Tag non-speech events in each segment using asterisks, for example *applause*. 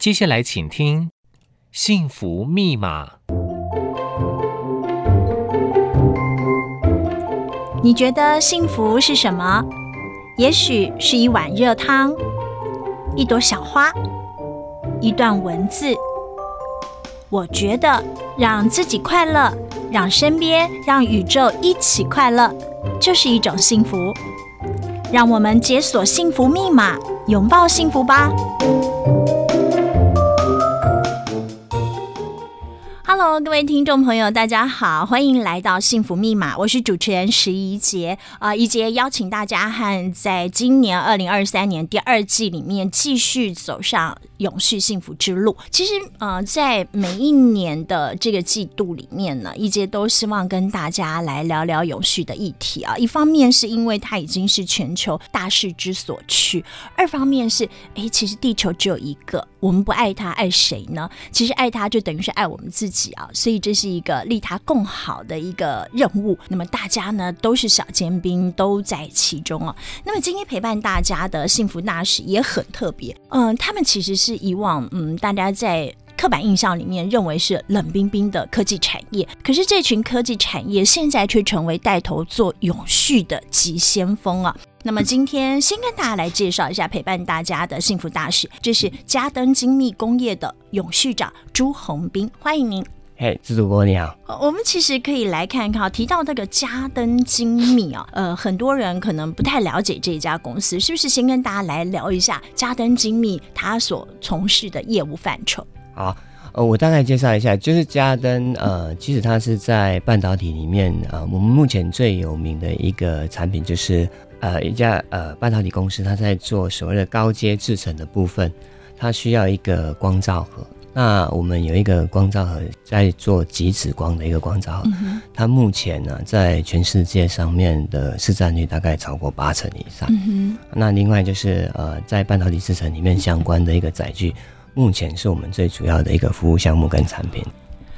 接下來，請聽《幸福密碼》。你覺得幸福是什麼？也許是一碗熱湯，一朵小花，一段文字。我覺得，讓自己快樂，讓身邊，讓宇宙一起快樂，就是一種幸福。讓我們解鎖幸福密碼，擁抱幸福吧。Hello，各位聽眾朋友，大家好，歡迎來到《幸福密碼》，我是主持人石一杰啊、呃。一杰邀請大家和在今年二零二三年第二季裡面繼續走上永續幸福之路。其實呃在每一年的這個季度裡面呢，一杰都希望跟大家來聊聊永續的議題啊。一方面是因為它已經是全球大勢之所趨，二方面是哎、欸，其實地球只有一個，我們不愛它，愛誰呢？其實愛它就等於是愛我們自己。啊，所以這是一個利他共好的一個任務。那麼大家呢，都是小尖兵，都在其中啊。那麼今天陪伴大家的幸福大使也很特別，嗯，他們其實是以往嗯，大家在刻板印象裡面認為是冷冰冰的科技產業，可是這群科技產業現在卻成為帶頭做永續的急先鋒啊。那麼今天先跟大家來介紹一下陪伴大家的幸福大使，就是家登精密工業的永續長朱宏斌，歡迎您。嘿，朱主播你好、呃。我們其實可以來看一看，提到那個家登精密啊，呃，很多人可能不太了解這一家公司，是不是先跟大家來聊一下家登精密他所從事的業務範疇？好，呃，我大概介紹一下，就是家登，呃，其實它是在半導體裡面啊、呃，我們目前最有名的一個產品就是。呃，一家呃半導體公司，它在做所謂的高階製程的部分，它需要一個光罩盒。那我們有一個光罩盒，在做極紫外光的一個光罩盒，它目前呢、啊，在全世界上面的市占率大概超過八成以上、嗯。那另外就是呃，在半導體製程裡面相關的一個載具，目前是我們最主要的一個服務項目跟產品。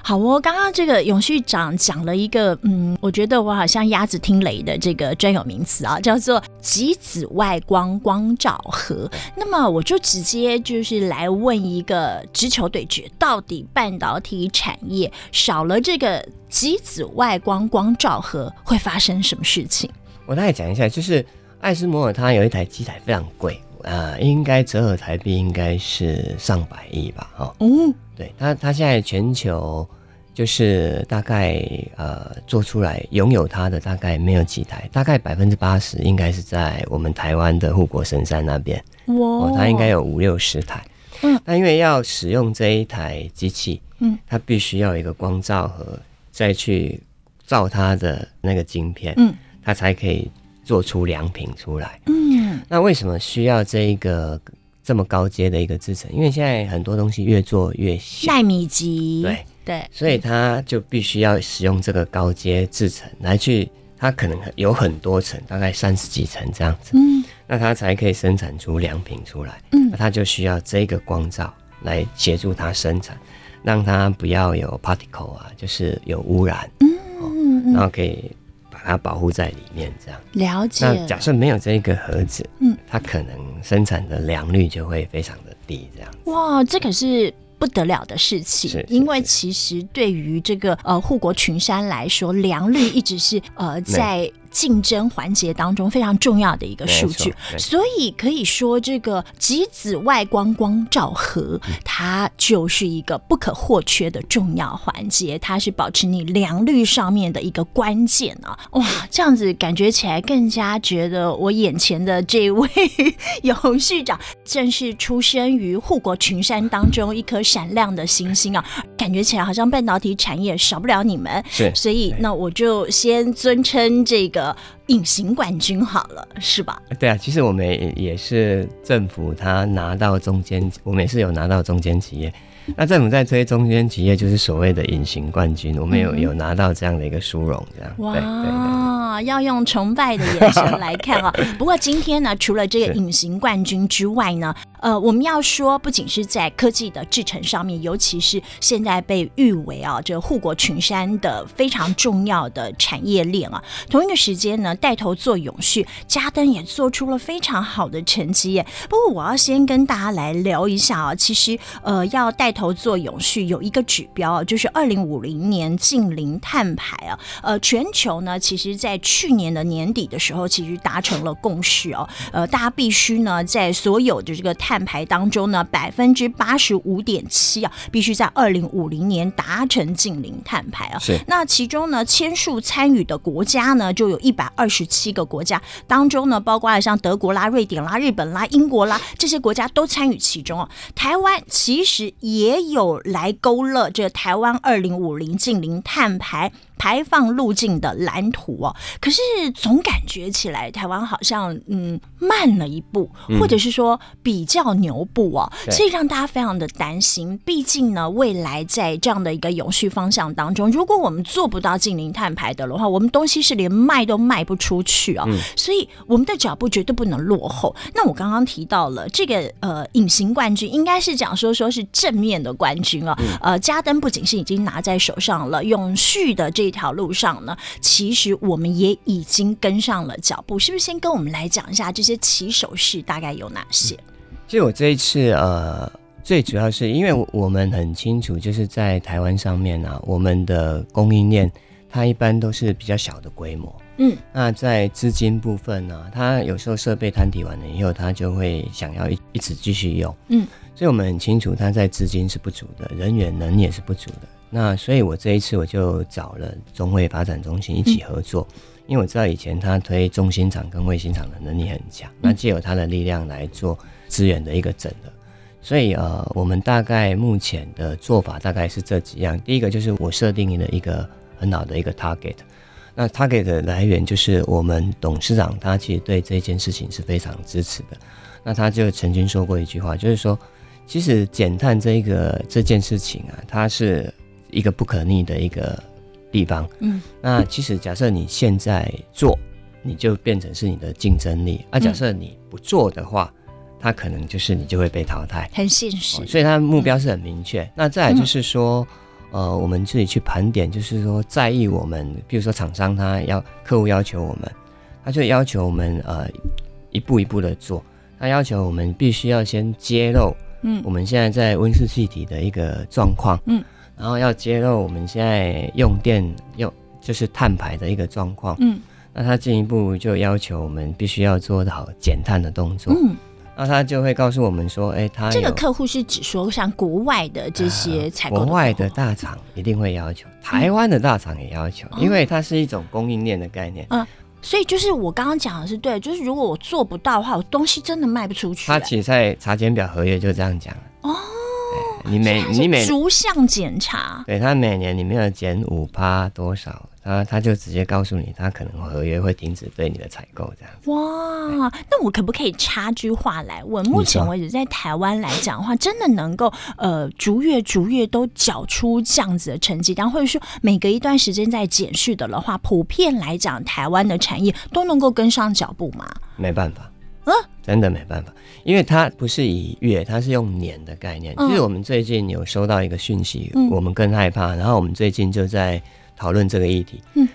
好哦，剛剛這個永續長講了一個，嗯，我覺得我好像鴨子聽雷的這個專有名詞啊，叫做極紫外光光罩盒、嗯。那麼我就直接就是來問一個直球對決，到底半導體產業少了這個極紫外光光罩盒會發生什麼事情？我大概講一下，就是艾斯摩爾它有一台機台非常貴。啊、呃，應該折合台幣應該是上百億吧，哈，嗯，對他，他現在全球就是大概呃做出來擁有它的大概沒有幾台，大概百分之八十應該是在我們台灣的護國神山那邊，哦，他應該有五六十台，嗯，那因為要使用這一台機器，嗯，它必須要有一個光罩盒再去照它的那個晶片，嗯，它才可以。做出良品出來，嗯，那為什麼需要這一個這麼高階的一個製程？因為現在很多東西越做越小，奈米級，對對，所以它就必須要使用這個高階製程來去，它可能有很多層，大概三十幾層這樣子，嗯，那它才可以生產出良品出來，嗯，那它就需要這個光罩來協助它生產，讓它不要有 particle 啊，就是有污染，嗯，嗯哦，然後可以把它保護在裡面，這樣了解了。那假設沒有這個盒子，嗯，它可能生產的良率就會非常的低，這樣。哇，這可是不得了的事情，是是是，因為其實對於這個呃護國群山來說，良率一直是呃在。競爭環節當中非常重要的一個數據，所以可以說這個極紫外光光罩盒，嗯，它就是一個不可或缺的重要環節，它是保持你良率上面的一個關鍵啊！哇，這樣子感覺起來更加覺得我眼前的這位永 *laughs* 續長，正是出生於護國群山當中一顆閃亮的星星啊！感覺起來好像半導體產業少不了你們，是，所以那我就先尊稱這個。隱形冠軍好了，是吧？對啊，其實我們也，也是政府，他拿到中堅，我們也是有拿到中堅企業。那政府在推中堅企業，就是所謂的隱形冠軍，我們有、嗯、有拿到這樣的一個殊榮，這樣。哇對對對，要用崇拜的眼神來看啊、哦！ *laughs* 不過今天呢，除了這個隱形冠軍之外呢。呃，我們要說，不僅是在科技的製程上面，尤其是現在被譽為啊這護國群山的非常重要的產業鏈啊。同一個時間呢，帶頭做永續，家登也做出了非常好的成績耶。不過，我要先跟大家來聊一下啊，其實呃，要帶頭做永續有一個指標啊，就是二零五零年淨零碳排啊。呃，全球呢，其實在去年的年底的時候，其實達成了共識哦。呃，大家必須呢，在所有的這個碳碳排當中呢，百分之八十五點七啊，必須在二零五零年達成淨零碳排啊。是，那其中呢，簽署參與的國家呢，就有一百二十七個國家當中呢，包括了像德國啦、瑞典啦、日本啦、英國啦這些國家都參與其中啊。台灣其實也有來勾勒這台灣二零五零淨零碳排。排放路徑的藍圖哦，可是總感覺起來台灣好像嗯慢了一步，或者是說比較牛步哦，嗯、所以讓大家非常的擔心。畢竟呢，未來在這樣的一個永續方向當中，如果我們做不到近零碳排的話，我們東西是連賣都賣不出去啊、哦嗯。所以我們的腳步絕對不能落後。那我剛剛提到了這個呃隱形冠軍，應該是講說說是正面的冠軍啊、哦嗯。呃，家登不僅是已經拿在手上了，永續的這這條路上呢，其實我們也已經跟上了腳步，是不是？先跟我們來講一下這些起手式大概有哪些？嗯。其實我這一次呃，最主要是因為我們很清楚，就是在台灣上面呢、啊，我們的供應鏈它一般都是比較小的規模，嗯。那在資金部分呢、啊，它有時候設備攤提完了以後，它就會想要一一直繼續用，嗯。所以我們很清楚，它在資金是不足的，人員能力也是不足的。那所以，我這一次我就找了中衛發展中心一起合作，嗯，因為我知道以前他推中心廠跟衛星廠的能力很強，嗯，那借由他的力量來做資源的一個整合。所以，呃，我們大概目前的做法大概是這幾樣。第一個就是我設定了一個很好的一個 target，那 target 的來源就是我們董事長他其實對這件事情是非常支持的。那他就曾經說過一句話，就是說，其實減碳這一個這件事情啊，它是一個不可逆的一個地方，嗯，那其實假設你現在做，你就變成是你的競爭力而、嗯啊、假設你不做的話，它可能就是你就會被淘汰，很現實。所以它的目標是很明確、嗯。那再來就是說，呃，我們自己去盤點，就是說，在意我們，比如說廠商，他要客戶要求我們，他就要求我們呃一步一步的做，他要求我們必須要先揭露，嗯，我們現在在溫室氣體的一個狀況，嗯。嗯然後要揭露我們現在用電用就是碳排的一個狀況，嗯，那他進一步就要求我們必須要做到減碳的動作，嗯，那他就會告訴我們說，哎，他這個客戶是指說像國外的這些採購、呃，國外的大廠一定會要求，台灣的大廠也要求，嗯、因為它是一種供應鏈的概念，嗯、呃，所以就是我剛剛講的是對，就是如果我做不到的話，我東西真的賣不出去。他其實在查檢表合約就這樣講哦。你每，是你每逐項檢查，對，他每年你沒有減五趴多少，他他就直接告訴你，他可能合約會停止對你的採購這樣。哇，那我可不可以插句話來問？我目前為止在台灣來講的話，真的能夠呃逐月逐月都繳出這樣子的成績單，但或者說每隔一段時間再減去的的話，普遍來講台灣的產業都能夠跟上腳步嗎？沒辦法。啊，真的沒辦法，因為它不是以月，它是用年的概念。其、哦、實、就是、我們最近有收到一個訊息、嗯，我們更害怕。然後我們最近就在討論這個議題。嗯，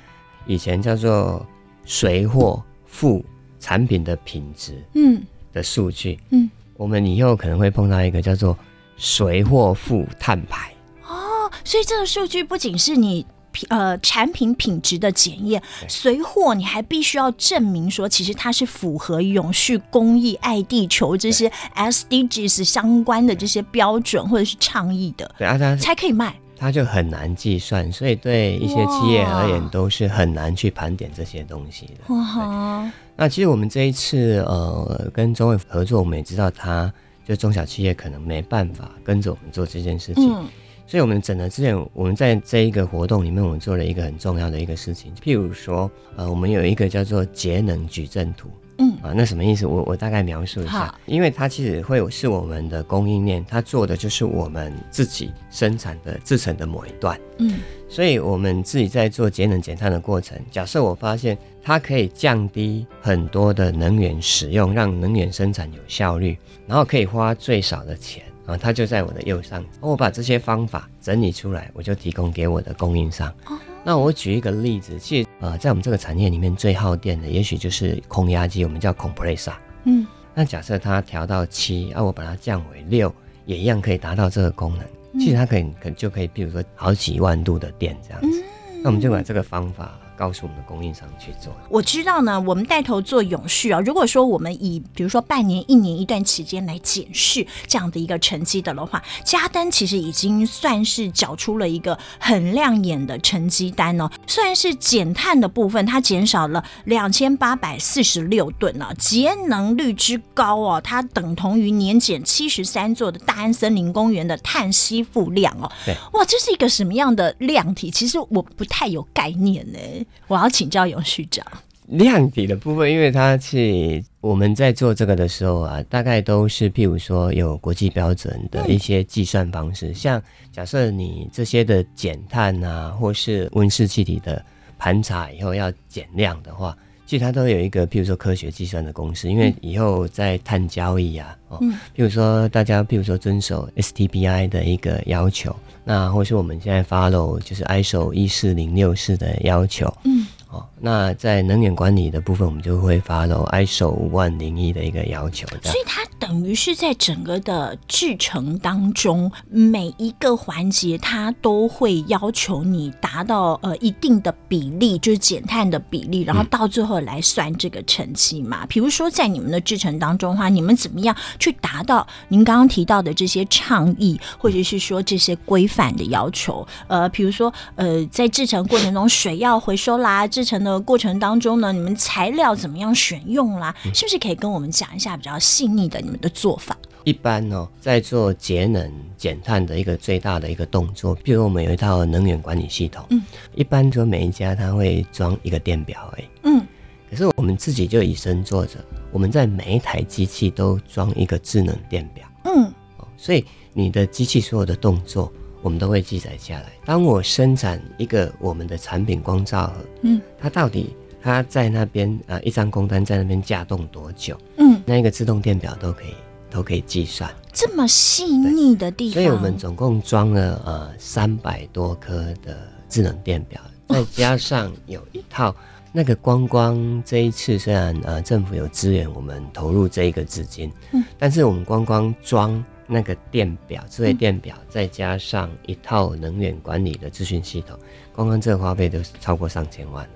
以前叫做隨貨附產品的品質，嗯，的數據，嗯，我們以後可能會碰到一個叫做隨貨附碳排。哦，所以這個數據不僅是你。呃，產品品質的檢驗，隨貨你還必須要證明說，其實它是符合永續、公益、愛地球這些 SDGs 相關的這些標準或者是倡議的，對，啊它才可以賣，啊、它，它就很難計算，所以對一些企業而言都是很難去盤點這些東西的。哇，那其實我們這一次呃跟中衛合作，我們也知道他，他就中小企業可能沒辦法跟着我們做這件事情。嗯所以，我們整了之前，我們在這一個活動裡面，我們做了一個很重要的一個事情。譬如說，呃，我們有一個叫做節能矩陣圖，嗯，啊，那什麼意思？我我大概描述一下，因為它其實會有是我們的供應鏈，它做的就是我們自己生產的、製程的某一段，嗯，所以我們自己在做節能減碳的過程。假設我發現它可以降低很多的能源使用，讓能源生產有效率，然後可以花最少的錢。啊，它就在我的右上。我把這些方法整理出來，我就提供給我的供應商。Oh. 那我舉一個例子，其實呃，在我們這個產業裡面最耗電的，也許就是空壓機，我們叫 compressor。嗯，那假設它調到七，啊，我把它降為六，也一樣可以達到這個功能。其實它可以可就可以，比如說好幾萬度的電這樣子。那我們就把這個方法。告訴我們的供應商去做。我知道呢，我們帶頭做永續啊。如果說我們以比如說半年、一年、一段期間來檢視這樣的一個成績的的話，家登其實已經算是繳出了一個很亮眼的成績單哦。雖然是減碳的部分，它減少了兩千八百四十六噸呢，節能率之高哦，它等同於年減七十三座的大安森林公園的碳吸附量哦。對，哇，這是一個什麼樣的量體？其實我不太有概念呢、欸。我要請教永續長，量體的部分，因為他是我們在做這個的時候啊，大概都是譬如說有國際標準的一些計算方式，像假設你這些的減碳啊，或是溫室氣體的盤查以後要減量的話。其實它都有一個，譬如說科學計算的公式，因為以後在碳交易啊，哦、嗯，譬如說大家，譬如說遵守 SBTi 的一個要求，那或是我們現在 follow 就是 ISO 一四零六四的要求。嗯哦，那在能源管理的部分，我們就會 follow ISO 五萬零一的一個要求。所以它等於是在整個的製程當中，每一個環節它都會要求你達到呃一定的比例，就是減碳的比例，然後到最後來算這個成績嘛、嗯。比如說在你們的制程當中的話，你們怎麼樣去達到您剛剛提到的這些倡議，或者是說這些規範的要求？呃，比如說呃，在製程過程中 *laughs* 水要回收啦。製成的過程當中呢，你們材料怎麼樣選用啦？是不是可以跟我們講一下比較細膩的你們的做法？一般呢、哦，在做節能減碳的一個最大的一個動作，譬如我們有一套能源管理系統，嗯，一般說每一家他會裝一個電表，哎，嗯，可是我們自己就以身作則，我們在每一台機器都裝一個智能電表，嗯，所以你的機器所有的動作。我們都會記載下來。當我生產一個我們的產品光罩盒嗯，它到底它在那邊啊、呃，一張工單在那邊稼動多久？嗯，那一個自動電表都可以都可以計算，這麼細膩的地方。所以我們總共裝了呃三百多顆的智能電表，再加上有一套、嗯、那個光光。這一次雖然呃政府有支援我們投入這一個資金，嗯，但是我們光光裝。那個電表，智慧電表、嗯，再加上一套能源管理的資訊系統，光光這個花費都超過上千萬了。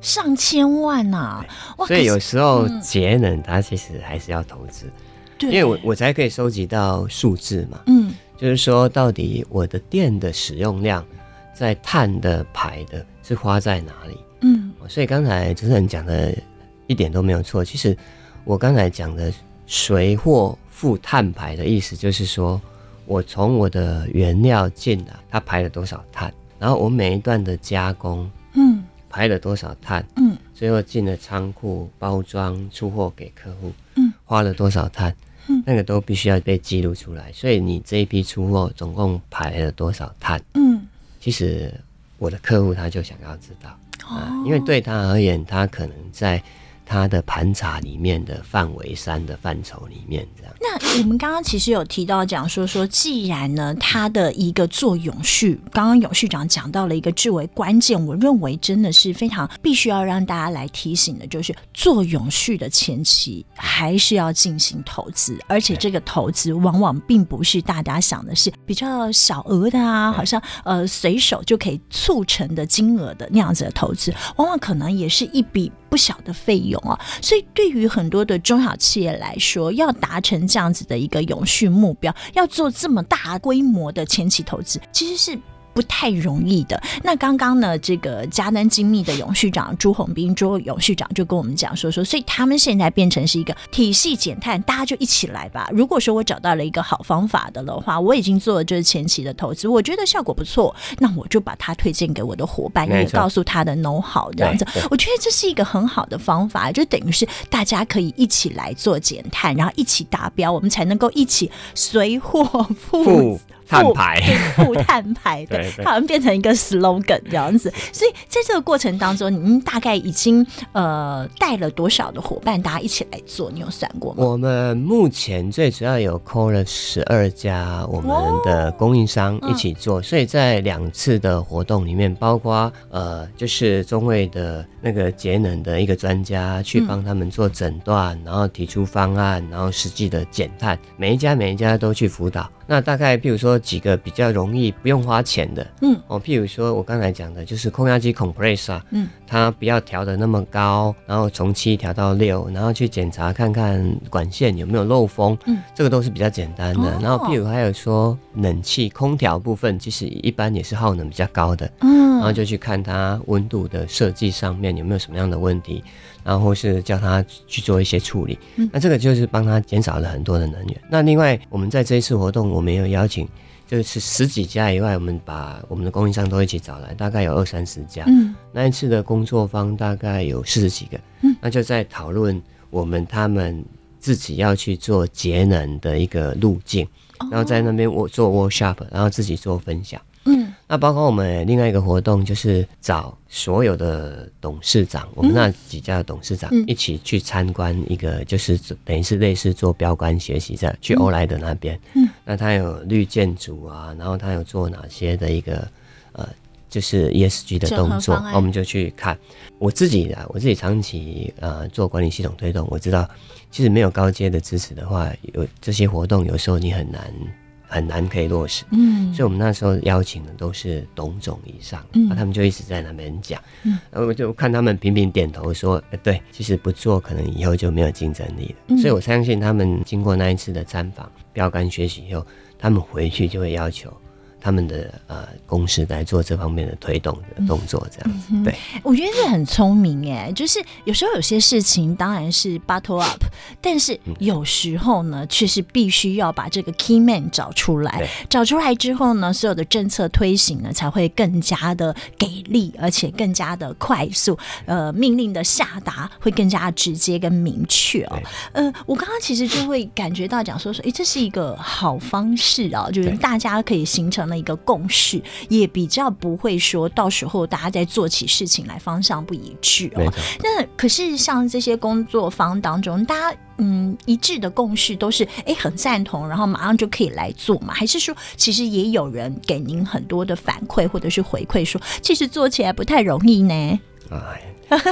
上千萬吶、啊！所以有時候節能，它、嗯、其實還是要投資。對，因為我我才可以收集到數字嘛。嗯，就是說，到底我的電的使用量，在碳的排的，是花在哪裡？嗯，所以剛才真正講的一點都沒有錯。其實我剛才講的水貨。負碳排的意思就是說，我從我的原料進來，它排了多少碳，然後我每一段的加工，嗯，排了多少碳，嗯，最後進了倉庫、包裝、出貨給客戶，嗯，花了多少碳，嗯，那個都必須要被記錄出來。所以你這一批出貨總共排了多少碳？嗯，其實我的客戶他就想要知道，哦，啊，因為對他而言，他可能在。它的盤查裡面的範圍三的範疇裡面，這樣。那我們剛剛其實有提到講說，說既然呢，它的一個做永續，剛剛永續長講到了一個至為關鍵，我認為真的是非常必須要讓大家來提醒的，就是做永續的前期還是要進行投資，而且這個投資往往並不是大家想的是比較小額的啊，好像呃隨手就可以促成的金額的那樣子的投資，往往可能也是一筆。不小的費用啊，所以對於很多的中小企業來說，要達成這樣子的一個永續目標，要做這麼大規模的前期投資，其實是。不太容易的。那剛剛呢，這個家登精密的永續長朱宏斌， *laughs* 斌，朱永續長就跟我們講說說，所以他們現在變成是一個體系減碳，大家就一起來吧。如果說我找到了一個好方法的的話，我已經做的就是前期的投資，我覺得效果不錯，那我就把它推薦給我的夥伴， *laughs* 也告訴他的 know-how *laughs* 這樣子。我覺得這是一個很好的方法，就等於是大家可以一起來做減碳，然後一起達標，我們才能夠一起隨貨付。碳排、負碳排， *laughs* 對，好像變成一個 slogan 這樣子。所以在這個過程當中，您大概已經呃帶了多少的伙伴，大家一起來做？你有算過嗎？我們目前最主要有 call 了十二家我們的供應商一起做。哦嗯，所以在兩次的活動裡面，包括呃，就是中衛的那個節能的一個專家去幫他們做診斷、嗯，然後提出方案，然後實際的減碳，每一家每一家都去輔導。那大概，譬如說幾個比較容易不用花錢的，嗯，哦，譬如說我剛才講的就是空壓機 （compressor） 啊，嗯，它不要調得那麼高，然後從七調到六，然後去檢查看看管線有沒有漏風，嗯，這個都是比較簡單的。然後，譬如還有說，冷氣、空調部分其實一般也是耗能比較高的，嗯，然後就去看它溫度的設計上面有沒有什麼樣的問題。然、啊、後是叫他去做一些處理，那這個就是幫他減少了很多的能源、嗯。那另外，我們在這一次活動，我們也有邀請，就是十幾家以外，我們把我們的供應商都一起找來，大概有二三十家。嗯、那一次的工作坊大概有四十幾個，那就在討論我們他們自己要去做節能的一個路徑，然後在那邊我做 workshop，然後自己做分享。那包括我們另外一個活動，就是找所有的董事長、嗯，我們那幾家的董事長一起去參觀一個，嗯、就是等於是類似做標杆學習在去歐萊德那邊。嗯，那他有綠建築啊，然後他有做哪些的一個呃，就是 ESG 的動作，欸、我們就去看。我自己的，我自己長期呃做管理系統推動，我知道其實沒有高階的支持的話，有這些活動有時候你很難。很難可以落實，嗯，所以我們那時候邀請的都是董總以上，那、嗯、他們就一直在那邊講，嗯，然後我就看他們頻頻點頭說，呃、欸，對，其實不做可能以後就沒有競爭力了，所以我相信他們經過那一次的參訪、標杆學習以後，他們回去就會要求。他們的呃公司來做這方面的推動的動作，這樣子。嗯、對，我覺得這很聰明耶，就是有時候有些事情當然是 bottle up，但是有時候呢，卻是必須要把這個 key man 找出來。找出來之後呢，所有的政策推行呢才會更加的給力，而且更加的快速。呃，命令的下達會更加直接跟明確哦、喔。呃，我剛剛其實就會感覺到講說說，哎、欸，這是一個好方式啊、喔，就是大家可以形成的一個共識也比較不會說到時候大家在做起事情來方向不一致哦。那可是像這些工作坊當中，大家嗯一致的共識都是哎很贊同，然後馬上就可以來做嘛？還是說其實也有人給您很多的反饋或者是回饋說，說其實做起來不太容易呢？哎， *laughs*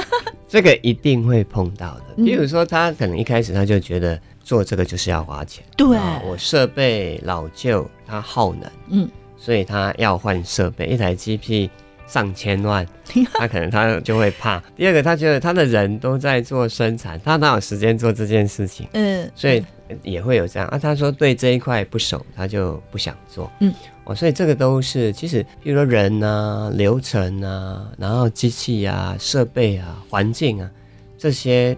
這個一定會碰到的。比如說他可能一開始他就覺得做這個就是要花錢，嗯啊、對我設備老舊，它耗能，嗯。所以他要換設備，一台機器上千萬，他可能他就會怕。 *laughs* 第二個，他覺得他的人都在做生產，他哪有時間做這件事情？嗯、呃，所以也會有這樣啊。他說對這一塊不熟，他就不想做。嗯，哦，所以這個都是其實，比如說人啊、流程啊，然後機器啊、設備啊、環境啊這些，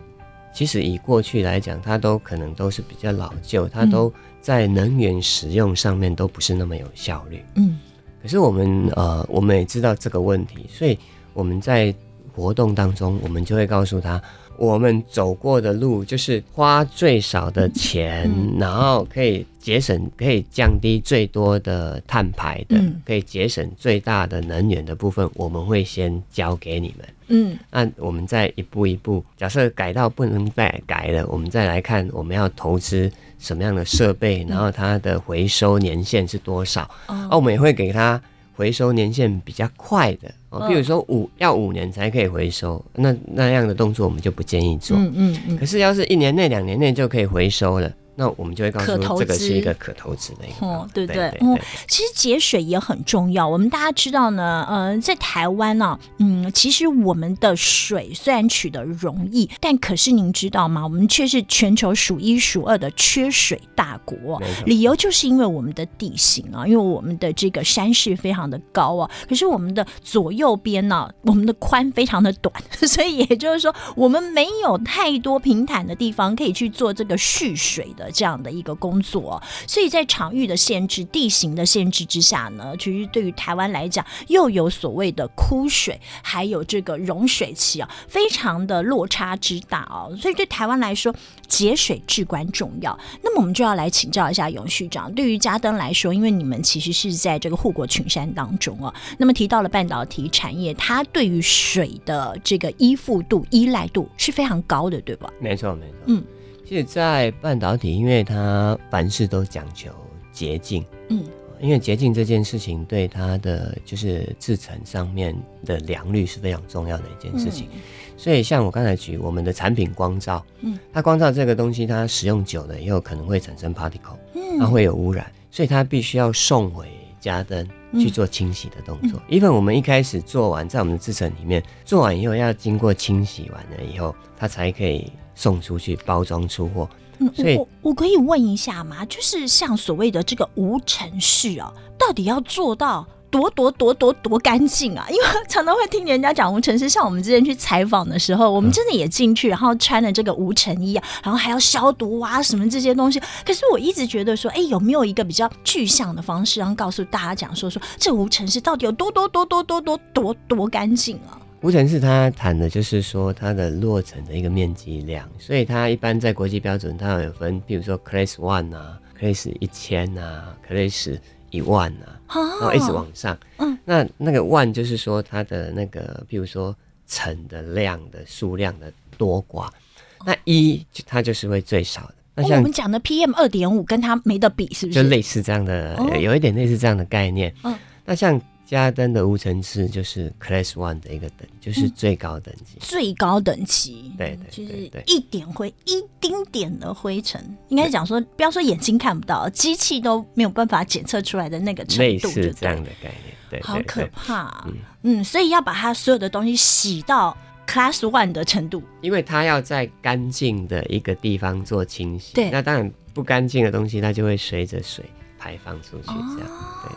其實以過去來講，它都可能都是比較老舊，它都、嗯。在能源使用上面都不是那麼有效率。嗯，可是我們呃，我們也知道這個問題，所以我們在活動當中，我們就會告訴他，我們走過的路就是花最少的錢，然後可以節省、可以降低最多的碳排的，可以節省最大的能源的部分，我們會先交給你們。嗯，那我們再一步一步，假設改到不能再改了，我們再來看，我們要投資。什麼樣的設備，然後它的回收年限是多少？哦、嗯啊，我們也會給它回收年限比較快的，哦，譬如說五、嗯、要五年才可以回收，那那樣的動作我們就不建議做。嗯嗯，嗯。可是要是一年內、兩年內就可以回收了。那我們就會告訴可投資，這個是一個可投資的一個，哦、對不對，對，對，對、嗯，其實節水也很重要。我們大家知道呢，呃，在台灣呢、啊，嗯，其實我們的水雖然取得容易，但可是您知道嗎？我們卻是全球數一數二的缺水大國。理由就是因為我們的地形啊，因為我們的這個山勢非常的高啊，可是我們的左右邊呢、啊，我們的寬非常的短，所以也就是說，我們沒有太多平坦的地方可以去做這個蓄水的。這樣的一個工作、哦，所以在場域的限制、地形的限制之下呢，其實對於台灣來講，又有所謂的枯水，還有這個融水期啊、哦，非常的落差之大哦。所以對台灣來說，節水至關重要。那麼我們就要來請教一下永續長。對於家登來說，因為你們其實是在這個護國群山當中哦。那麼提到了半導體產業，它對於水的這個依附度、依賴度是非常高的，對吧？沒錯，沒錯。嗯。其實，在半導體，因為它凡事都講求潔淨，嗯，因為潔淨這件事情對它的就是制程上面的良率是非常重要的一件事情。嗯、所以，像我剛才舉我們的產品光罩，嗯，它光罩這個東西，它使用久了以後可能會產生 particle，嗯，它會有污染，所以它必須要送回家登去做清洗的動作。一、嗯、份我們一開始做完，在我們的制程裡面做完以後，要經過清洗完了以後，它才可以。送出去包裝出貨。嗯，所以我我可以問一下嗎？就是像所謂的這個無塵室哦，到底要做到多多多多多乾淨啊？因為常常會聽人家講無塵室，像我們之前去採訪的時候，我們真的也進去，然後穿了這個無塵衣啊、嗯，然後還要消毒啊什麼這些東西。可是我一直覺得說，哎、欸，有沒有一個比較具象的方式，然後告訴大家講說，說，說這無塵室到底有多多多多多多多乾淨啊？無塵是他談的，就是說它的落成的一個面積量，所以它一般在國際標準，它有分，比如說 class one 啊，class 一千啊，class 一萬啊呵呵呵，然後一直往上。嗯，那那個萬就是說它的那個，譬如說成的量的數量的多寡，哦、那一它就是會最少的。那像我們講的 PM 二點五跟它沒得比，是不是？就類似這樣的、哦，有一點類似這樣的概念。嗯、哦，那像。家登的無塵室就是 Class One 的一個等，就是最高等級。嗯、最高等級，對對,對,對就是一點灰，一丁點的灰塵，應該是講說，不要說眼睛看不到，機器都沒有辦法檢測出來的那個程度，類似這樣的概念，對,對,對，好可怕、啊。嗯嗯，所以要把它所有的東西洗到 Class One 的程度，因為它要在乾淨的一個地方做清洗。對，那當然不乾淨的東西，它就會隨着水。排放出去，這樣、哦、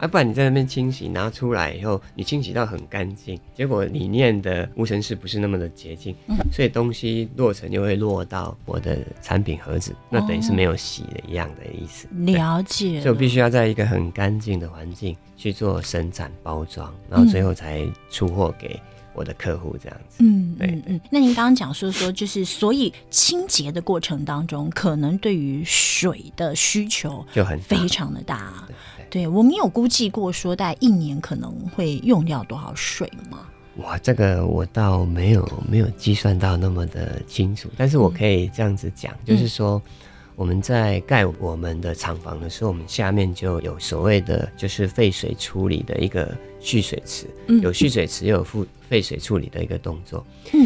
對，啊不然你在那邊清洗，拿出來以後，你清洗到很乾淨，結果裡面的無塵室不是那麼的潔淨、嗯，所以東西落塵就會落到我的產品盒子，那等於是沒有洗的一樣的意思。哦、了解了，所以我必須要在一個很乾淨的環境去做生產包裝，然後最後才出貨給、嗯。我的客戶這樣子，嗯嗯嗯。那您剛剛講說說，就是所以清潔的過程當中，可能對於水的需求就很非常的大。對對對。對，我們有估計過說，大概一年可能會用掉多少水嗎？哇，這個我倒沒有沒有計算到那麼的清楚，但是我可以這樣子講，嗯，就是說。嗯我們在蓋我們的廠房的時候，我們下面就有所謂的，就是廢水處理的一個蓄水池，有蓄水池，有廢廢水處理的一個動作。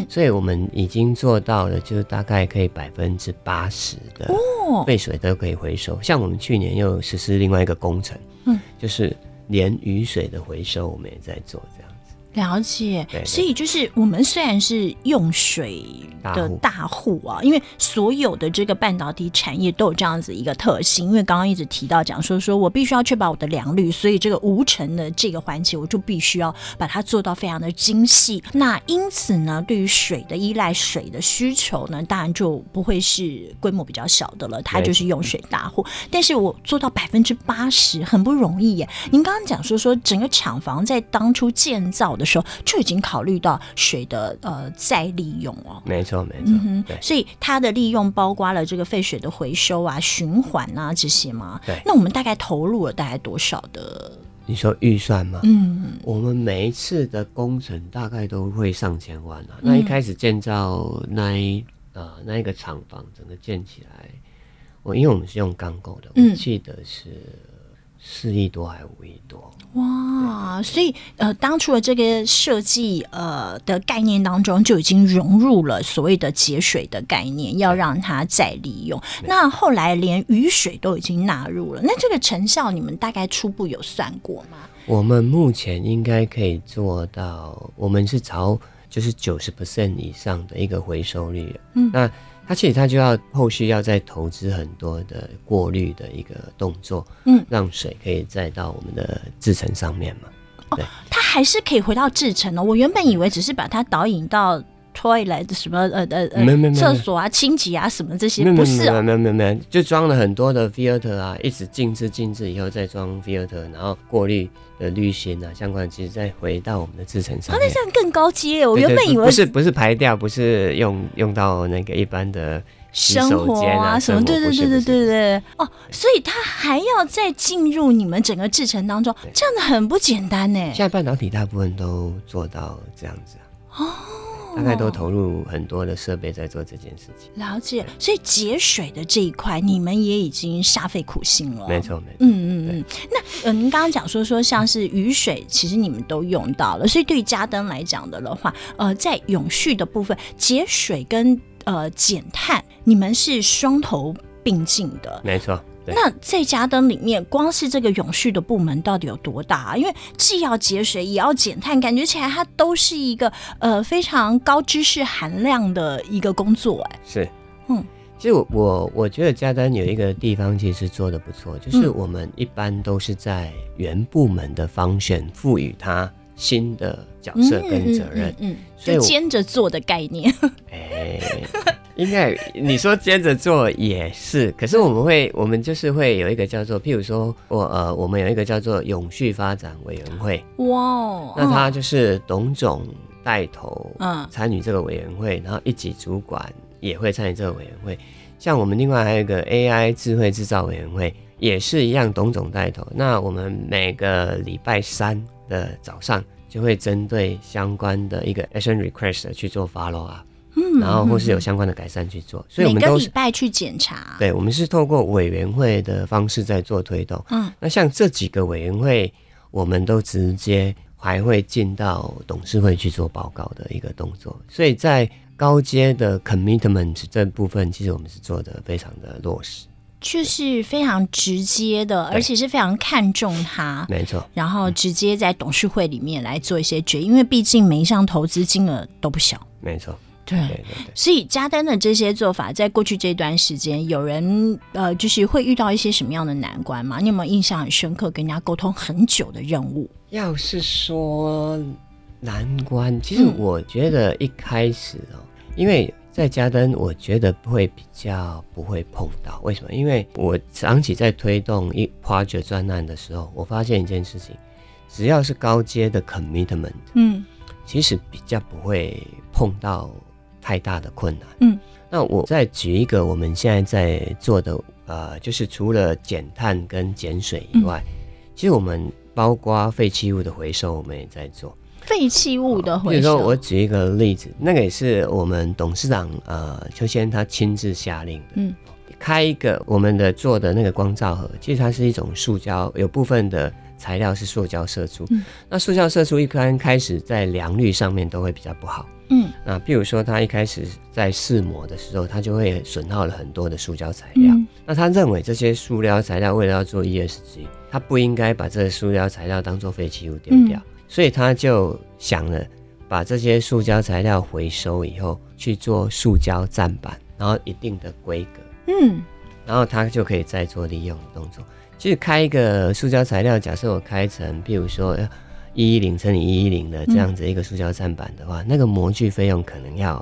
所以我們已經做到了，就是大概可以百分之八十的廢水都可以回收。像我們去年又實施另外一個工程，就是連雨水的回收，我們也在做這。了解，對對，所以就是我們雖然是用水的大戶啊，大戶，因為所有的這個半導體產業都有這樣子一個特性，因為剛剛一直提到講說，說我必須要確保我的良率，所以這個無塵的這個環節，我就必須要把它做到非常的精細。那因此呢，對於水的依賴、水的需求呢，當然就不會是規模比較小的了，它就是用水大戶。但是我做到百分之八十很不容易耶、啊。您剛剛講說說整個廠房在當初建造的的時候，就已經考慮到水的呃再利用哦。沒錯沒錯、嗯，對，所以它的利用包括了這個廢水的回收啊、循環啊這些嗎？對，那我們大概投入了大概多少的？你說預算嗎？嗯，我們每一次的工程大概都會上千萬啊。嗯、那一開始建造那一啊、呃、那一個廠房整個建起來，我因為我們是用鋼構的，我記得是四億多還是五億多、嗯？哇！啊、哦，所以呃，當初的這個設計呃的概念當中，就已經融入了所謂的節水的概念，要讓它再利用。那後來連雨水都已經納入了，那這個成效你們大概初步有算過嗎？我們目前應該可以做到，我們是朝就是九十 percent 以上的一個回收率。嗯，那。它其實它就要後續要再投資很多的過濾的一個動作，嗯，讓水可以再到我們的製程上面嘛。嗯、對，它、哦、還是可以回到製程哦。我原本以為只是把它導引到。toilet 什麼呃呃廁、呃、所啊，清潔啊，什麼這些沒沒沒不是、啊、沒有沒有沒有，就裝了很多的 filter 啊，一直靜置靜置以後再裝 filter，然後過濾的濾芯啊，相關的其實再回到我們的製程上、啊。那這樣更高階，我原本以為是對對對，不是不是，不是排掉，不是用用到那個一般的洗手間啊，啊什麼？對對對對對對，對，對，對，對，對，對，對哦，所以它還要再進入你們整個制程當中，這樣子很不簡單呢。現在半導體大部分都做到這樣子哦。大概都投入很多的設備在做這件事情，哦、了解。所以節水的這一塊、嗯，你們也已經煞費苦心了。沒錯，沒錯。嗯嗯嗯。那呃，您剛剛講說說，像是雨水，其實你們都用到了。所以對於家登來講的的話，呃，在永續的部分，節水跟呃減碳，你們是雙頭並進的。沒錯。那在家登裡面，光是這個永續的部門到底有多大啊？因為既要節水，也要減碳，感覺起來它都是一個呃非常高知識含量的一個工作、欸。哎，是，嗯，其實我我覺得家登有一個地方其實做的不錯，就是我們一般都是在原部門的 function 賦予他新的角色跟責任，嗯，嗯嗯嗯嗯，就兼着做的概念。欸 *laughs* *laughs* 應該你說接着做也是，可是我們會，我們就是會有一個叫做，譬如說我呃，我們有一個叫做永續發展委員會哇，哦、wow, uh.，那他就是董總帶頭，嗯，參與這個委員會，然後一級主管也會參與這個委員會。像我們另外還有一個 AI 智慧製造委員會，也是一樣，董總帶頭。那我們每個禮拜三的早上就會針對相關的一個 action request 去做 follow 啊。嗯，然後或是有相關的改善去做，所以每個禮拜去檢查。對，我們是透過委員會的方式在做推動。嗯，那像這幾個委員會，我們都直接還會進到董事會去做報告的一個動作。所以在高階的 commitment 這部分，其實我們是做得非常的落實，就是非常直接的，而且是非常看重它。沒錯，然後直接在董事會裡面來做一些決、嗯，因為畢竟每一項投資金額都不小。沒錯。對，對，對，對，所以家登的這些做法，在過去這段時間，有人呃，就是會遇到一些什麼樣的難關嗎？你有沒有印象很深刻，跟人家溝通很久的任務？要是說難關，其實我覺得一開始哦、喔嗯，因為在家登，我覺得會比較不會碰到。為什麼？因為我想起在推動一 project 掘專案的時候，我發現一件事情，只要是高階的 commitment，嗯，其實比較不會碰到。太大的困難。嗯，那我再舉一個我們現在在做的，呃，就是除了減碳跟減水以外，嗯，其實我們包括廢棄物的回收，我們也在做。廢棄物的回收，呃、比如說我舉一個例子，那個也是我們董事長呃邱先生他親自下令的。嗯，開一個我們的做的那個光罩盒，其實它是一種塑膠，有部分的。材料是塑膠射出，那塑膠射出一般開始在良率上面都會比較不好，嗯，那譬如說，他一開始在試模的時候，他就會損耗了很多的塑膠材料，嗯，那他認為這些塑料材料為了要做 ESG，他不應該把這個塑膠材料當做廢棄物丟掉，嗯，所以他就想了把這些塑膠材料回收以後去做塑膠棧板，然後一定的規格，嗯，然後他就可以再做利用的動作。就是開一個塑膠材料，假設我開成，譬如說，一一零乘以一一零的這樣子一個塑膠棧板的話，那個模具費用可能要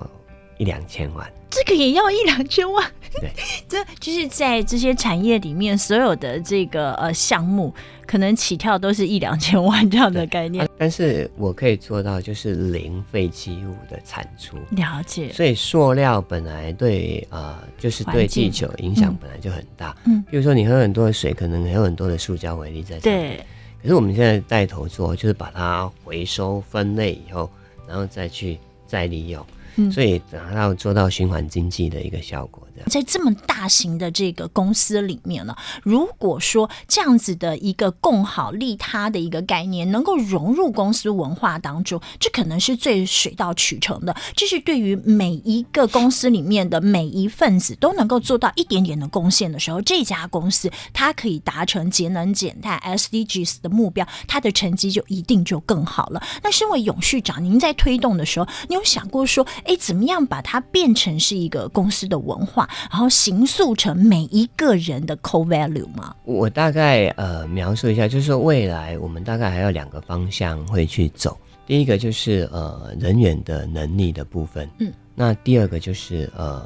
一兩千萬，這個也要一兩千萬。對， *laughs* 這就是在這些產業裡面，所有的這個呃項目，可能起跳都是一兩千萬這樣的概念。啊、但是我可以做到，就是零廢棄物的產出。了解。所以塑料本來對呃就是對地球影響本來就很大。嗯。比如說你喝很多的水，嗯、可能還有很多的塑膠微粒在這裡。對。可是我們現在帶頭做，就是把它回收分類以後，然後再去再利用。嗯，所以達到做到循環經濟的一個效果。在這麼大型的這個公司裡面呢，如果說這樣子的一個共好利他的一個概念能夠融入公司文化當中，這可能是最水到渠成的。這是對於每一個公司裡面的每一份子都能夠做到一點點的貢獻的時候，這家公司它可以達成節能減碳 SDGs 的目標，它的成績就一定就更好了。那身為永續長，您在推動的時候，你有想過說，哎，怎麼樣把它變成是一個公司的文化？然後形塑成每一個人的 core value 嗎？我大概呃描述一下，就是說未來我們大概還有兩個方向會去走，第一個就是呃人員的能力的部分，嗯，那第二個就是呃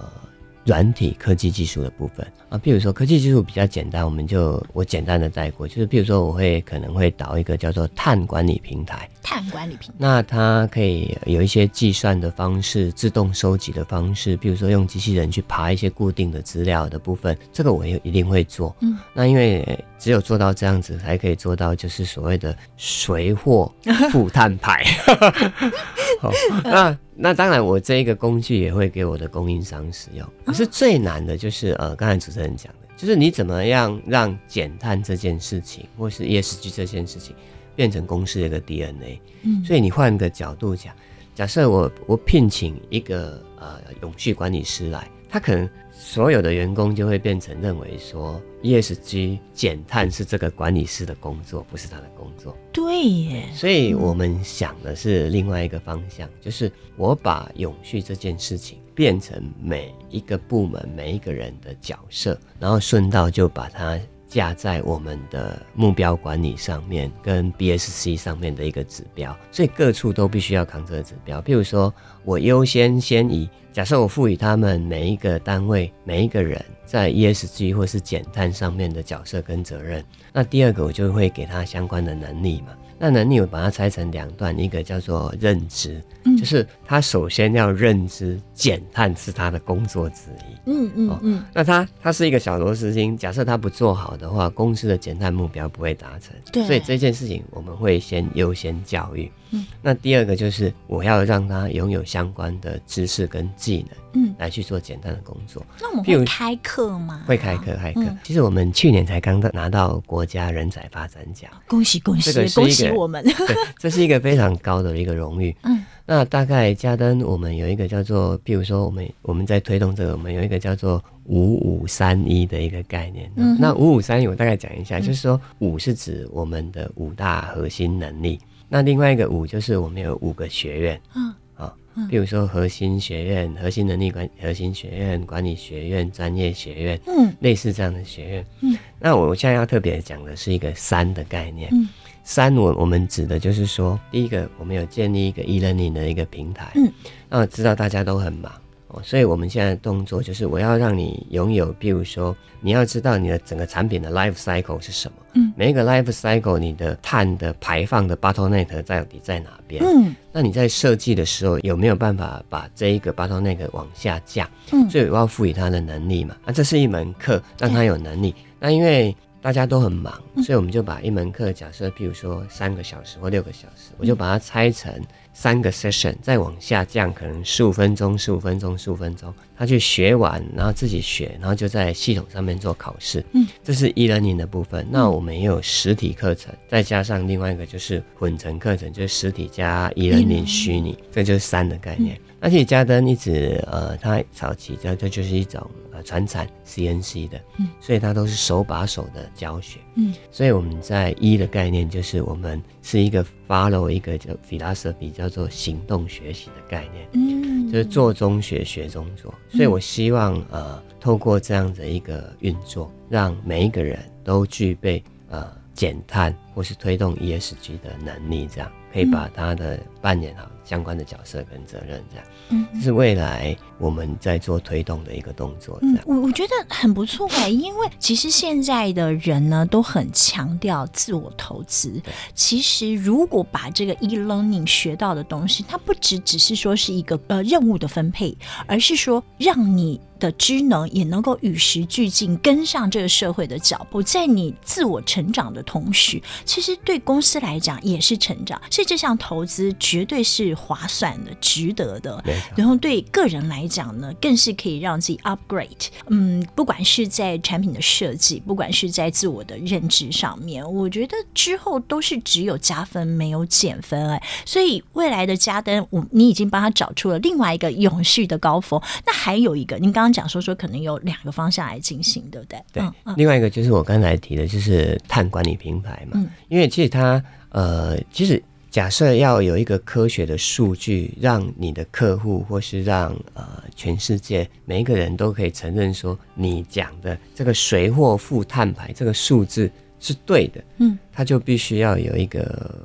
軟體科技技術的部分。啊，譬如說科技技術比較簡單，我們就我簡單的帶過，就是譬如說我會可能會導一個叫做碳管理平台，碳管理平台。那它可以有一些計算的方式，自動收集的方式，譬如說用機器人去爬一些固定的資料的部分，這個我也一定會做。嗯，那因為只有做到這樣子，才可以做到就是所謂的隨貨附碳排。 *laughs* 好，那那當然，我這一個工具也會給我的供應商使用。可是最難的就是呃，剛才主持人。人講的，就是你怎麼樣讓減碳這件事情，或是 ESG 這件事情，變成公司的一個 DNA。嗯，所以你換個角度講，假設我我聘請一個呃永續管理師來，他可能所有的員工就會變成認為說 ESG 減碳是這個管理師的工作，不是他的工作。對耶。所以我們想的是另外一個方向，嗯，就是我把永續這件事情。變成每一個部門、每一個人的角色，然後順道就把它架在我們的目標管理上面，跟 BSC 上面的一個指標，所以各處都必須要扛這個指標。譬如說我優先先以假設我賦予他們每一個單位、每一個人在 ESG 或是減碳上面的角色跟責任，那第二個我就會給他相關的能力嘛。那能力我把它拆成兩段，一個叫做認知，就是他首先要認知減碳是他的工作之一。嗯嗯嗯、哦，那他他是一個小螺絲釘，假設他不做好的話，公司的減碳目標不會達成。對，所以這件事情我們會先優先教育。嗯、那第二個就是我要讓他擁有相關的知識跟技能，嗯，來去做簡單的工作。嗯、那我們會開課嗎？會開課，開課、嗯。其實我們去年才剛拿到國家人才發展獎，恭喜恭喜，恭喜、這個、是一個恭喜我們 *laughs* 這是一個非常高的一個榮譽。嗯，那大概家登，我們有一個叫做，譬如說我們我們在推動這個，我們有一個叫做“五五三一”的一個概念。嗯、那“五五三一”，我大概講一下、嗯，就是說五是指我們的五大核心能力。那另外一個五就是我們有五個學院，嗯，啊，比如說核心學院、核心能力管、核心學院、管理學院、專業學院，嗯，類似這樣的學院，嗯。那我現在要特別講的是一個三的概念，嗯，三我我們指的就是說，第一個我們有建立一個 e learning 的一個平台，嗯，那我知道大家都很忙。哦，所以我們現在的動作就是，我要讓你擁有，比如說，你要知道你的整個產品的 life cycle 是什麼，嗯，每一個 life cycle 你的碳的排放的 bottleneck 到底在哪邊，嗯，那你在設計的時候有沒有辦法把這一個 bottleneck 往下降？嗯，所以我要賦予它的能力嘛，那這是一門課，讓他有能力。那因為大家都很忙，所以我們就把一門課，假設譬如說三個小時或六個小時，我就把它拆成。三個 session 再往下降，可能十五分鐘、十五分鐘、十五分鐘，他去學完，然後自己學，然後就在系統上面做考試。嗯，這是 e-learning 的部分。那我們也有實體課程，嗯，再加上另外一個就是混成課程，就是實體加 e-learning 虛擬，這就是三的概念。嗯。而且家登一直呃，他早期這這就是一種呃，傳產 CNC 的，所以他都是手把手的教學。嗯，所以我們在一、e、的概念就是我們是一個 follow 一個叫 philosophy 叫做行動學習的概念。嗯，就是做中學，學中做。所以我希望呃，透過這樣的一個運作，讓每一個人都具備呃減碳或是推動 ESG 的能力，這樣可以把他的扮演好。相關的角色跟責任，這樣，嗯，是未來我們在做推動的一個動作，這樣。我、嗯、我覺得很不錯哎、欸，因為其實現在的人呢，都很強調自我投資。其實如果把這個 e-learning 學到的東西，它不只只是說是一個呃任務的分配，而是說讓你。的職能也能夠與時俱進，跟上這個社會的腳步，在你自我成長的同時，其實對公司來講也是成長，所以這項投資絕對是划算的、值得的。然後對個人來講呢，更是可以讓自己 upgrade。嗯，不管是在產品的設計，不管是在自我的認知上面，我覺得之後都是只有加分沒有減分哎、欸。所以未來的家登，我你已經幫他找出了另外一個永續的高峰。那還有一個，您剛。剛講說說，可能有兩個方向來進行，對不對？對，嗯，另外一個就是我剛才提的，就是碳管理平台嘛，嗯。因為其實它，呃，其實假設要有一個科學的數據，讓你的客戶或是讓呃全世界每一個人都可以承認說，你講的這個誰或負碳排這個數字。是對的，嗯，它就必須要有一個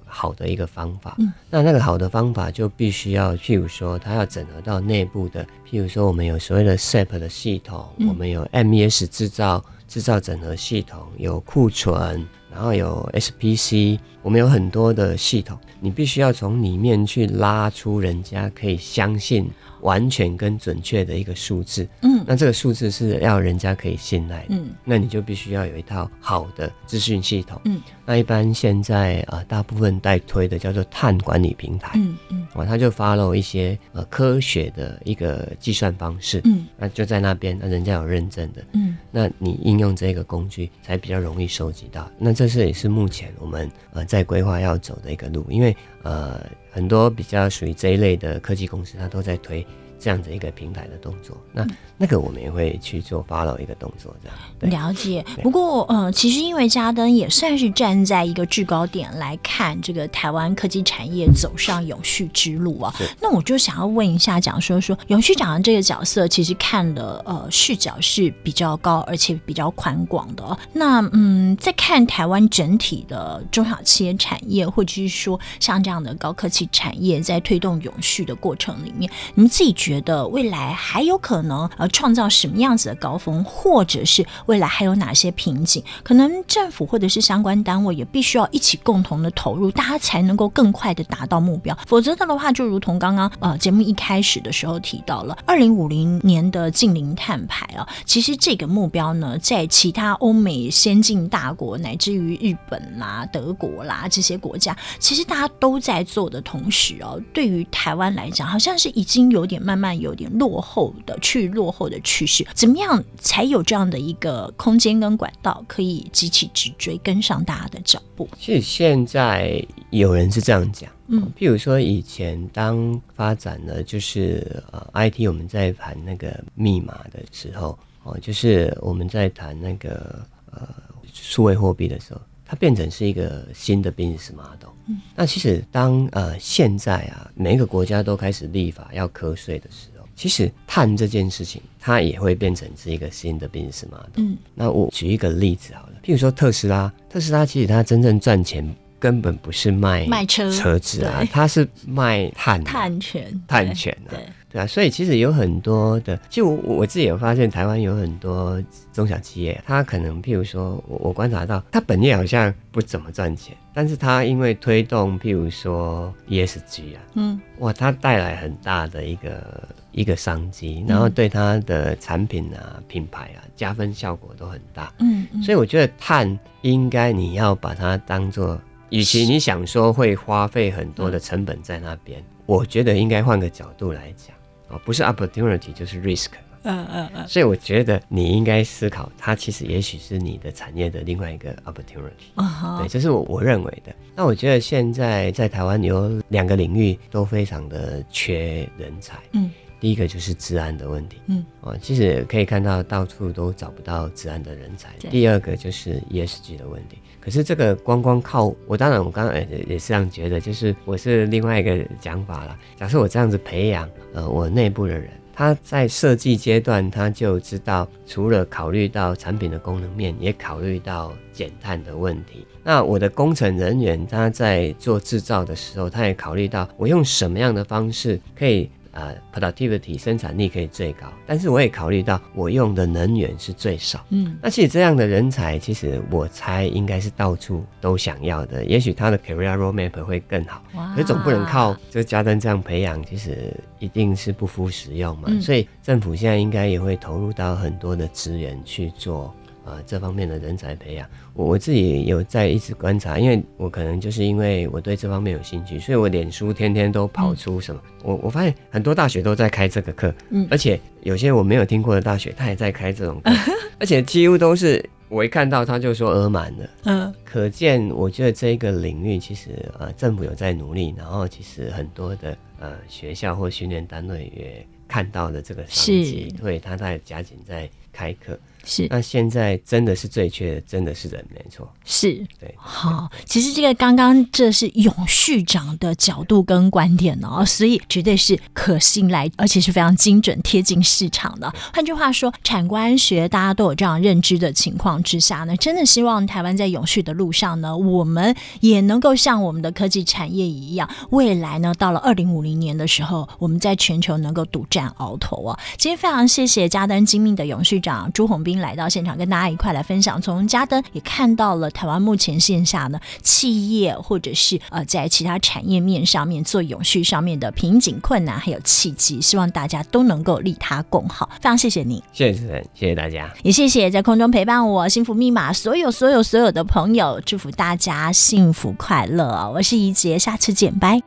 好的一個方法，嗯、那那個好的方法就必須要，譬如說，它要整合到內部的，譬如說，我們有所謂的 SAP 的系統，嗯、我們有 MES 製造製造整合系統，有庫存。然後有 SPC，我們有很多的系統，你必須要從裡面去拉出人家可以相信、完全跟準確的一個數字。嗯，那這個數字是要人家可以信賴的。嗯，那你就必須要有一套好的資訊系統。嗯，那一般現在啊、呃，大部分代推的叫做碳管理平台。嗯嗯，哦，他就 follow 一些呃科學的一個計算方式。嗯，那就在那邊，那人家有認證的。嗯。那你應用這個工具才比較容易收集到。那這是也是目前我們呃在規劃要走的一個路，因為呃很多比較屬於這一類的科技公司，它都在推。這樣子一個平台的動作，那那個我們也會去做 follow 一個動作，這樣了解。不過，呃，其實因為家登也算是站在一個制高點來看這個台灣科技產業走上永續之路啊、哦。那我就想要問一下，講說，說永續長的這個角色，其實看的呃視角是比較高，而且比較寬廣的、哦。那嗯，在看台灣整體的中小企業產業，或者是說像這樣的高科技產業，在推動永續的過程裡面，你們自己覺。覺得未來還有可能呃創造什麼樣子的高峰，或者是未來還有哪些瓶頸？可能政府或者是相關單位也必須要一起共同的投入，大家才能夠更快的達到目標。否則的話，就如同剛剛呃節目一開始的時候提到了，二零五零年的淨零碳排啊，其實這個目標呢，在其他歐美先進大國乃至於日本啦、德國啦這些國家，其實大家都在做的同時哦，對於台灣來講，好像是已經有點慢慢慢有點落後的去落後的趨勢，怎麼樣才有這樣的一個空間跟管道，可以急起直追跟上大家的腳步？其實現在有人是這樣講，嗯，譬如說以前當發展了，就是呃 IT 我們在談那個密碼的時候，哦，就是我們在談那個呃數位貨幣的時候，它變成是一個新的 business model。嗯，那其實當呃現在啊，每一個國家都開始立法要課稅的時候，其實碳這件事情它也會變成是一個新的 business model。嗯，那我舉一個例子好了，譬如說特斯拉，特斯拉其實它真正賺錢根本不是賣賣車車子啊車，它是賣碳碳、啊、權碳權啊。對。對啊，所以其實有很多的，就我我自己有發現，台灣有很多中小企業，它可能譬如說，我，我觀察到它本業好像不怎麼賺錢，但是它因為推動譬如說 ESG 啊，嗯，哇，它帶來很大的一個一個商機，然後對它的產品啊、嗯、品牌啊加分效果都很大，嗯，嗯，所以我覺得碳應該你要把它當做，與其你想說會花費很多的成本在那邊，嗯，我覺得應該換個角度來講。不是 opportunity 就是 risk，嗯嗯嗯，uh, uh, uh. 所以我覺得你應該思考，它其實也許是你的產業的另外一個 opportunity。uh-huh. 對，這是我我認為的。那我覺得現在在台灣有兩個領域都非常的缺人才，uh-huh. 嗯。第一個就是資安的問題，嗯，哦，其實可以看到到處都找不到資安的人才，嗯。第二個就是 ESG 的問題。可是這個光光靠我，我當然我剛剛也也是這樣覺得，就是我是另外一個講法了。假設我這樣子培養，呃，我內部的人，他在設計階段他就知道，除了考慮到產品的功能面，也考慮到減碳的問題。那我的工程人員他在做制造的時候，他也考慮到我用什麼樣的方式可以。呃、uh,，productivity 生產力可以最高，但是我也考慮到我用的能源是最少。嗯，那其實這樣的人才，其實我猜應該是到處都想要的。也許他的 career roadmap 會更好，哇可是總不能靠這家登這樣培養，其實一定是不敷使用嘛、嗯。所以政府現在應該也會投入到很多的資源去做。呃，這方面的人才培養，我我自己有在一直觀察，因為我可能就是因為我對這方面有興趣，所以我臉書天天都跑出什麼，嗯、我我發現很多大學都在開這個課、嗯，而且有些我沒有聽過的大學，他也在開這種課，嗯、而且幾乎都是我一看到他就說額滿了，嗯，可見我覺得這個領域其實呃政府有在努力，然後其實很多的呃學校或訓練單位也看到了這個商機，所以他在加緊在開課。是，那現在真的是最缺，真的是人，沒錯，是對、對、對。好，其實這個剛剛這是永續長的角度跟觀點哦、喔，所以絕對是可信賴，而且是非常精準、貼近市場的。換句話說，產官學大家都有這樣認知的情況之下呢，真的希望台灣在永續的路上呢，我們也能夠像我們的科技產業一樣，未來呢到了二零五零年的時候，我們在全球能夠獨占鰲頭哦。今天非常謝謝家登精密的永續長朱宏斌，來到現場跟大家一塊來分享，從家登也看到了台灣目前線下呢企業或者是呃在其他產業面上面做永續上面的瓶頸困難，還有契機，希望大家都能夠利他共好，非常謝謝你，謝謝，謝謝大家，也謝謝在空中陪伴我幸福密碼所有所有所有的朋友，祝福大家幸福快樂，我是怡潔，下次見，拜。